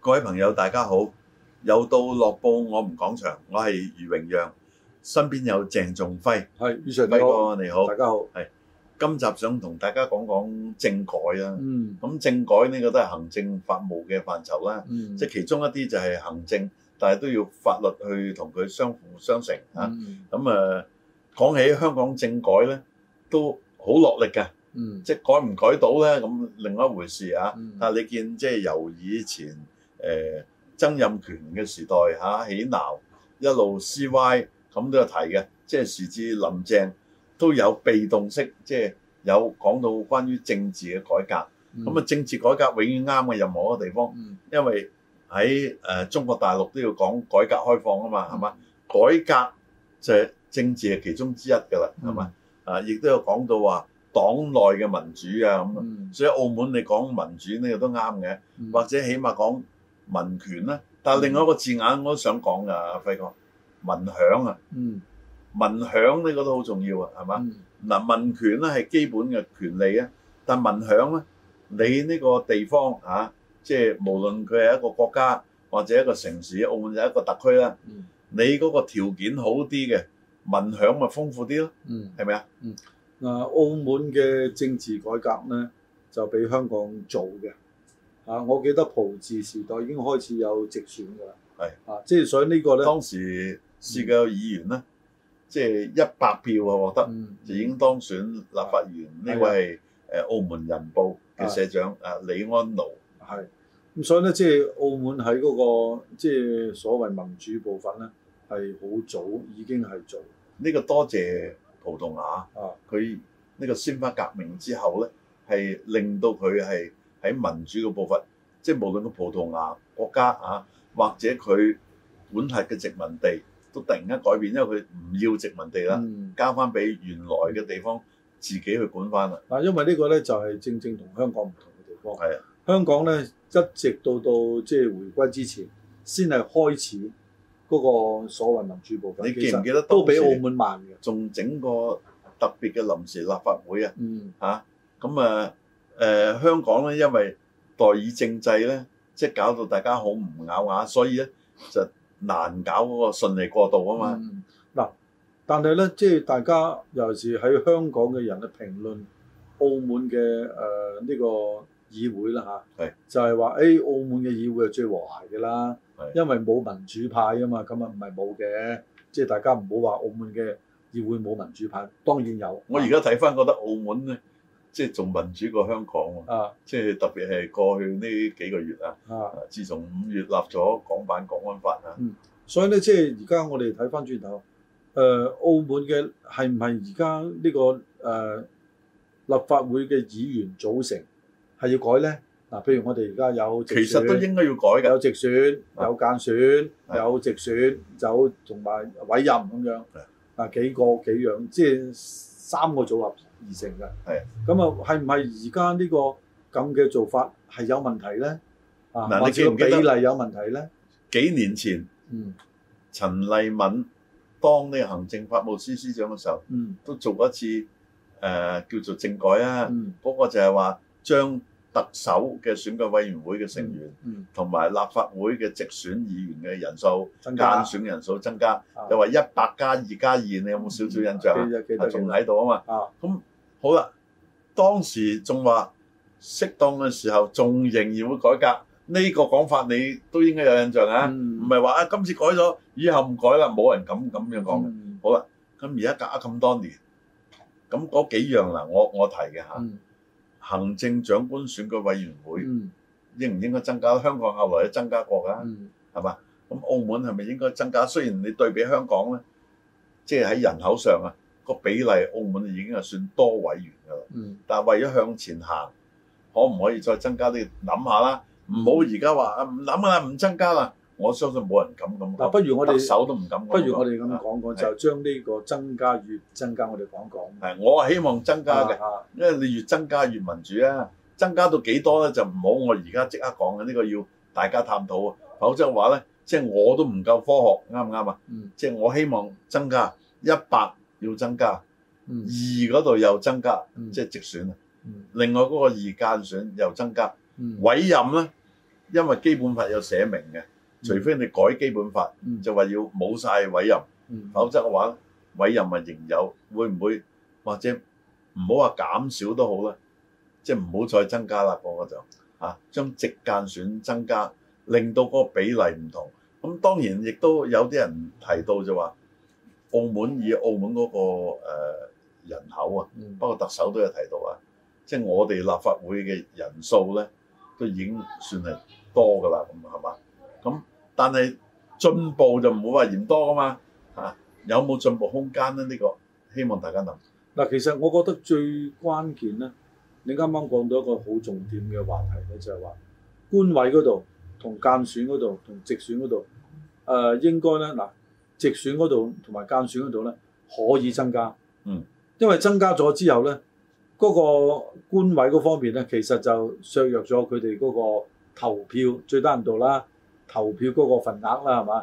各位朋友，大家好！又到樂報我哋講場，我係余榮陽，身邊有鄭仲輝，係余常大哥，你好，大家好。係今集想同大家講講政改啊，咁政改呢個都係行政法務嘅範疇啦，即係其中一啲就係行政，但係都要法律去同佢相輔相成啊。咁啊，講起香港政改呢，都好落力嘅，嗯、即係改唔改到咧咁，另外一回事啊！但係、嗯啊、你見即係由以前誒、呃、曾蔭權嘅時代嚇、啊、起鬧一路 C Y 咁都有提嘅，即係時至林鄭都有被動式，即係有講到關於政治嘅改革。咁啊、嗯，政治改革永遠啱嘅，任何一個地方，嗯、因為喺誒、呃、中國大陸都要講改革開放啊嘛，係嘛？改革就係政治嘅其中之一㗎啦，係嘛？嗯嗯啊，亦都有講到話黨內嘅民主啊咁，所以澳門你講民主呢個都啱嘅，或者起碼講民權啦。但係另外一個字眼我都想講㗎，阿輝哥，民享啊，嗯，民享呢個都好重要啊，係嘛？嗱，民權咧係基本嘅權利啊，但係民享咧，你呢個地方啊，即係無論佢係一個國家或者一個城市，澳門就係一個特區啦，你嗰個條件好啲嘅。民享咪豐富啲咯、嗯，嗯，係咪啊？嗯，嗱，澳門嘅政治改革咧，就比香港早嘅，嚇、啊！我記得葡治時代已經開始有直選㗎啦，係是，啊，即、就、係、是、所以個呢個咧，當時試夠議員咧，嗯、即係一百票啊，嗯、獲得就已經當選立法員，呢位係誒澳門人報嘅社長誒是、啊、李安奴，係，咁所以咧，即、就、係、是、澳門喺嗰、那個即係、就是、所謂民主部分咧。係好早已經係做呢個，多謝葡萄牙啊！佢呢個鮮花革命之後呢，係令到佢係喺民主嘅步伐，即係無論個葡萄牙國家啊，或者佢管轄嘅殖民地都突然間改變，因為佢唔要殖民地啦、嗯，加翻俾原來嘅地方自己去管翻啦。嗱，因為呢個呢，就係、是、正正同香港唔同嘅地方。係啊，香港呢，一直到到即係回歸之前，先係開始。嗰個所謂民主部分，你記唔記得當時都比澳門慢嘅，仲整個特別嘅臨時立法會啊，嚇咁、嗯、啊誒、啊呃、香港咧，因為代議政制咧，即係搞到大家好唔咬牙，所以咧就難搞嗰個順利過渡啊嘛。嗱、嗯，但係咧，即係大家尤其是喺香港嘅人嘅評論，澳門嘅誒呢個。議會啦嚇，是就係話誒，澳門嘅議會係最和諧嘅啦，是因為冇民主派啊嘛，咁啊唔係冇嘅，即、就、係、是、大家唔好話澳門嘅議會冇民主派，當然有。我而家睇翻覺得澳門咧，即係仲民主過香港喎，即係、啊、特別係過去呢幾個月啊，啊自從五月立咗港版國安法啊，嗯、所以咧即係而家我哋睇翻轉頭，誒、呃、澳門嘅係唔係而家呢個誒、呃、立法會嘅議員組成？係要改咧嗱，譬如我哋而家有直選，其實都應該要改嘅，有直選、有間選、的有直選，就同埋委任咁樣啊的幾個幾樣，即係三個組合而成嘅。係咁啊，係唔係而家呢個咁嘅做法係有問題咧？嗱，你記唔記得？比例有問題咧？幾年前，嗯，陳麗敏當呢行政法務司司長嘅時候，嗯，都做過一次誒、呃、叫做政改啊，嗯，嗰個就係話將特首嘅選舉委員會嘅成員，同埋立法會嘅直選議員嘅人數，間選人數增加，又話一百加二加二，你有冇少少印象啊？記得記得仲喺度啊嘛。咁好啦，當時仲話適當嘅時候仲仍然會改革，呢個講法你都應該有印象啊。唔係話啊，今次改咗，以後唔改啦，冇人敢咁樣講嘅。好啦，咁而家隔咗咁多年，咁嗰幾樣嗱，我我提嘅嚇。行政長官選舉委員會、嗯、應唔應該增加？香港後來都增加過㗎，係嘛、嗯？咁澳門係咪應該增加？雖然你對比香港咧，即係喺人口上啊個比例，澳門已經係算多委員噶啦。嗯、但係為咗向前行，可唔可以再增加啲？諗下啦，唔好而家話唔諗啊，唔增加啦。我相信冇人敢咁，手都唔敢。不如我哋不如我哋咁講講，就將呢個增加越增加，我哋講講。係，我希望增加嘅，因為你越增加越民主啊！增加到幾多咧？就唔好我而家即刻講嘅，呢個要大家探討啊！否則話咧，即係我都唔夠科學，啱唔啱啊？即係我希望增加一百，要增加二嗰度又增加，即係直選啊！另外嗰個二間選又增加委任咧，因為基本法有寫明嘅。除非你改基本法，嗯、就話要冇晒委任，嗯、否則嘅話委任咪仍有，會唔會或者唔好話減少都好啦，即係唔好再增加啦，嗰、嗰個就嚇將、啊、直間選增加，令到嗰個比例唔同。咁當然亦都有啲人提到就話，澳門以澳門嗰、嗰個、呃、人口啊，不過特首都有提到啊，即、就、係、係、我哋立法會嘅人數咧都已經算係多㗎啦，咁係嘛？咁但係進步就唔會話嫌多噶嘛嚇、啊，有冇進步空間咧？呢、這個希望大家諗。嗱，其實我覺得最關鍵咧，你啱啱講到一個好重點嘅話題咧，就係、是、話官委嗰度、同間選嗰度、同直選嗰度，誒、呃、應該咧嗱，直選嗰度同埋間選嗰度咧可以增加。嗯。因為增加咗之後咧，嗰、那個官委嗰方面咧，其實就削弱咗佢哋嗰個投票最低限度啦。投票嗰個份額啦，係嘛？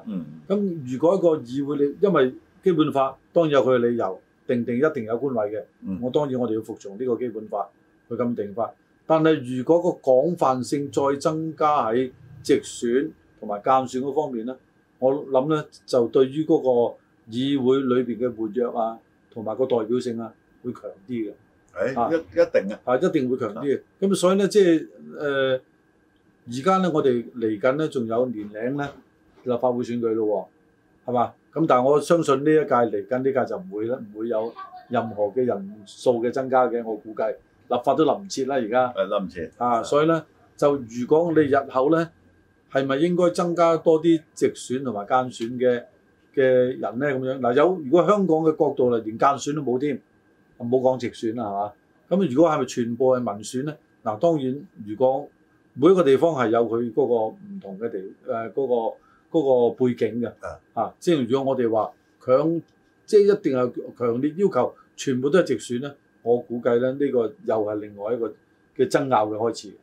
咁、嗯、如果一個議會，你因為基本法當然有佢嘅理由定定一定有官位嘅。嗯、我當然我哋要服從呢個基本法去咁定法。但係如果個廣泛性再增加喺直選同埋間選嗰方面咧，我諗咧就對於嗰個議會裏邊嘅活躍啊，同埋個代表性啊，會強啲嘅。誒一、欸、是一定啊，係一定會強啲嘅。咁、啊、所以咧，即係誒。呃而家咧，我哋嚟緊咧，仲有年零咧，立法會選舉咯喎，係嘛？咁但係我相信呢一屆嚟緊呢屆就唔會咧，唔會有任何嘅人數嘅增加嘅，我估計立法都臨唔切啦，而家係臨唔切啊！所以咧，的就如果你日後咧，係咪應該增加多啲直選同埋間選嘅嘅人咧？咁樣嗱，有如果香港嘅角度嚟，連間選都冇添，唔好講直選啦，係嘛？咁如果係咪全部係民選咧？嗱，當然如果每一個地方係有佢嗰個唔同嘅地，誒、呃、嗰、嗰個嗰個背景嘅，啊，即係如果我哋話強，即係一定係強烈要求全部都係直選咧，我估計咧呢、呢個又係另外一個嘅爭拗嘅開始。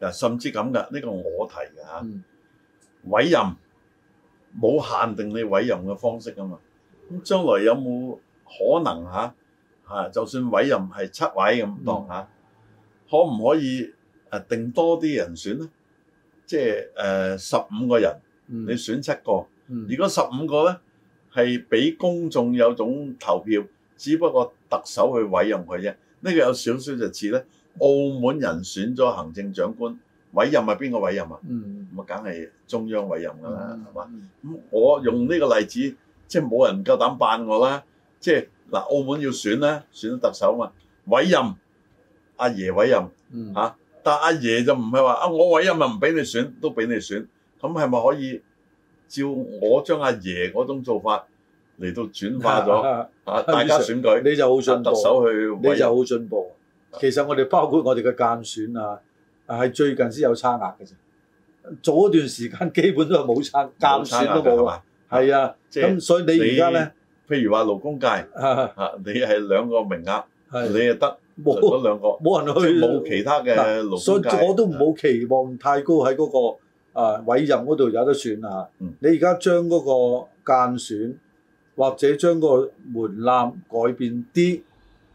啊，甚至咁㗎，呢、呢個我提嘅嚇、嗯、委任冇限定你委任嘅方式㗎嘛。咁將來有冇可能嚇啊？就算委任係七位咁多嚇，嗯、可唔可以？誒、啊、定多啲人選咧，即係誒十五個人，嗯、你選七個。嗯、如果十五個咧係俾公眾有種投票，只不過特首去委任佢啫。呢、呢個有少少就似咧澳門人選咗行政長官委任係邊個委任啊？咁啊、嗯，梗係中央委任㗎啦，係嘛、嗯？咁我用呢個例子，即係冇人夠膽辦我啦。即係嗱，澳門要選咧，選咗特首嘛，委任阿爺委任嚇。啊爺爺但阿爺就唔係話啊，我唯一咪唔俾你選都俾你選，咁係咪可以照我將阿爺嗰種做法嚟到轉化咗？啊，大家選舉，你就好特首去，你就好進步。其實我哋包括我哋嘅間選啊，係最近先有差額嘅啫。早一段時間基本都係冇差，間選都冇啊。係啊，咁所以你而家咧，譬如話勞工界啊，你係兩個名額，你又得。冇，冇沒人去，冇其他嘅、啊，所以我都唔好期望太高喺嗰、那個、呃、委任嗰度有得選啊！嗯、你而家將嗰個間選或者將個門檻改變啲，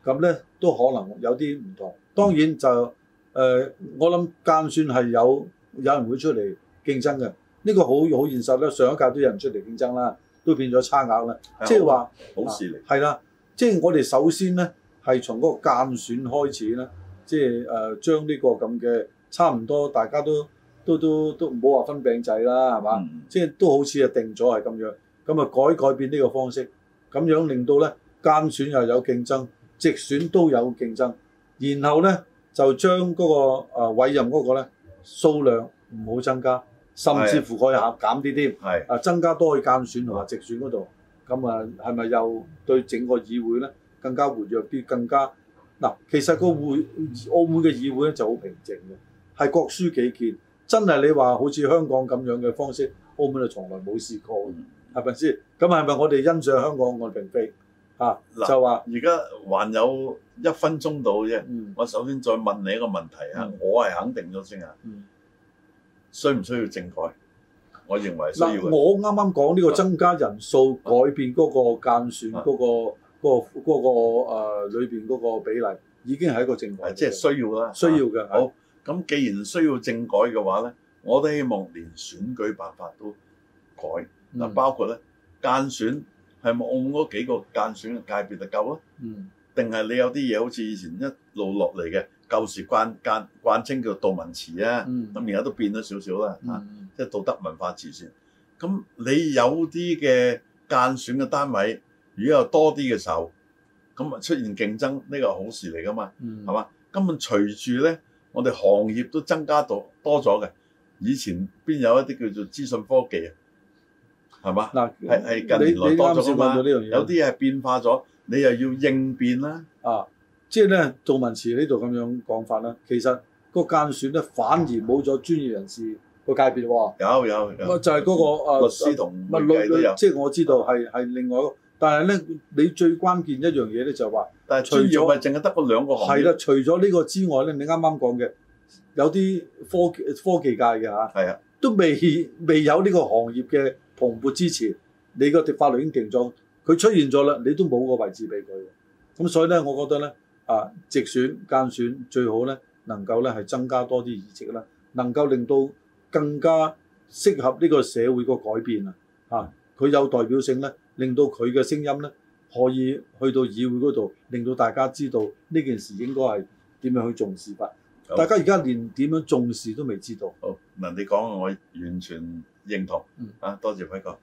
咁咧都可能有啲唔同。當然就誒、呃，我諗間選係有有人會出嚟競爭嘅，呢、這個好好現實啦。上一屆都有人出嚟競爭啦，都變咗差額啦。即係話好事嚟，係啦，即係我哋首先咧。係從嗰個間選開始啦，即係誒將呢個咁嘅差唔多大家都都都都唔好話分餅仔啦，係嘛？即係都好似係定咗係咁樣，咁啊改改變呢個方式，咁樣令到咧間選又有競爭，直選都有競爭，然後咧就將嗰個誒委任嗰個咧數量唔好增加，甚至乎可以減啲添，係啊增加多去間選同埋直選嗰度，咁啊係咪又對整個議會咧？更加活躍啲，更加嗱，其實個會澳門嘅議會咧就好平靜嘅，係各抒己見。真係你話好似香港咁樣嘅方式，澳門就從來冇試過嘅，係咪先？咁係咪我哋欣賞香港愛並非嚇、嗯啊？就話而家還有一分鐘到啫。我首先再問你一個問題啊，嗯、我係肯定咗先啊，需唔需要政改？我認為需要為、嗯。我啱啱講呢個增加人數改變嗰個間選嗰、嗰個。那個嗰、那個誒、呃、裏邊嗰個比例已經係一個政改，即係需要啦，啊、需要嘅。好咁，既然需要政改嘅話咧，我都希望連選舉辦法都改。嗱、嗯，包括咧間選係咪嗰幾個間選嘅界別就夠啦，定係、嗯、你有啲嘢好似以前一路落嚟嘅舊時慣慣慣稱叫做道文祠啊，咁而家都變咗少少啦，即、啊、係、嗯、道德文化祠先。咁你有啲嘅間選嘅單位。如果有多啲嘅時候，咁啊出現競爭，呢個好事嚟㗎嘛，係嘛？根本隨住咧，我哋行業都增加到多咗嘅，以前邊有一啲叫做資訊科技啊，係嘛？嗱，係係近年來多咗呢樣嘢。有啲嘢係變化咗，你又要應變啦啊！即係咧，杜文慈呢度咁樣講法啦。其實個間選咧反而冇咗專業人士個界別喎。有有有，就係嗰個律師同乜都有，即係我知道係係另外。一但係咧，你最關鍵一樣嘢咧就係話，但係除咗咪淨係得嗰兩個行業，係啦。除咗呢個之外咧，你啱啱講嘅有啲科技科技界嘅嚇，係啊的，都未未有呢個行業嘅蓬勃之前，你個法律已經定咗，佢出現咗啦，你都冇個位置俾佢。咁所以咧，我覺得咧啊，直選間選最好咧，能夠咧係增加多啲議席啦，能夠令到更加適合呢個社會個改變啊！嚇。佢有代表性呢，令到佢嘅聲音呢，可以去到議會嗰度，令到大家知道呢件事應該係點樣去重視法。好大家而家連點樣重視都未知道。好嗱，你講我完全認同。嗯啊，多謝輝哥。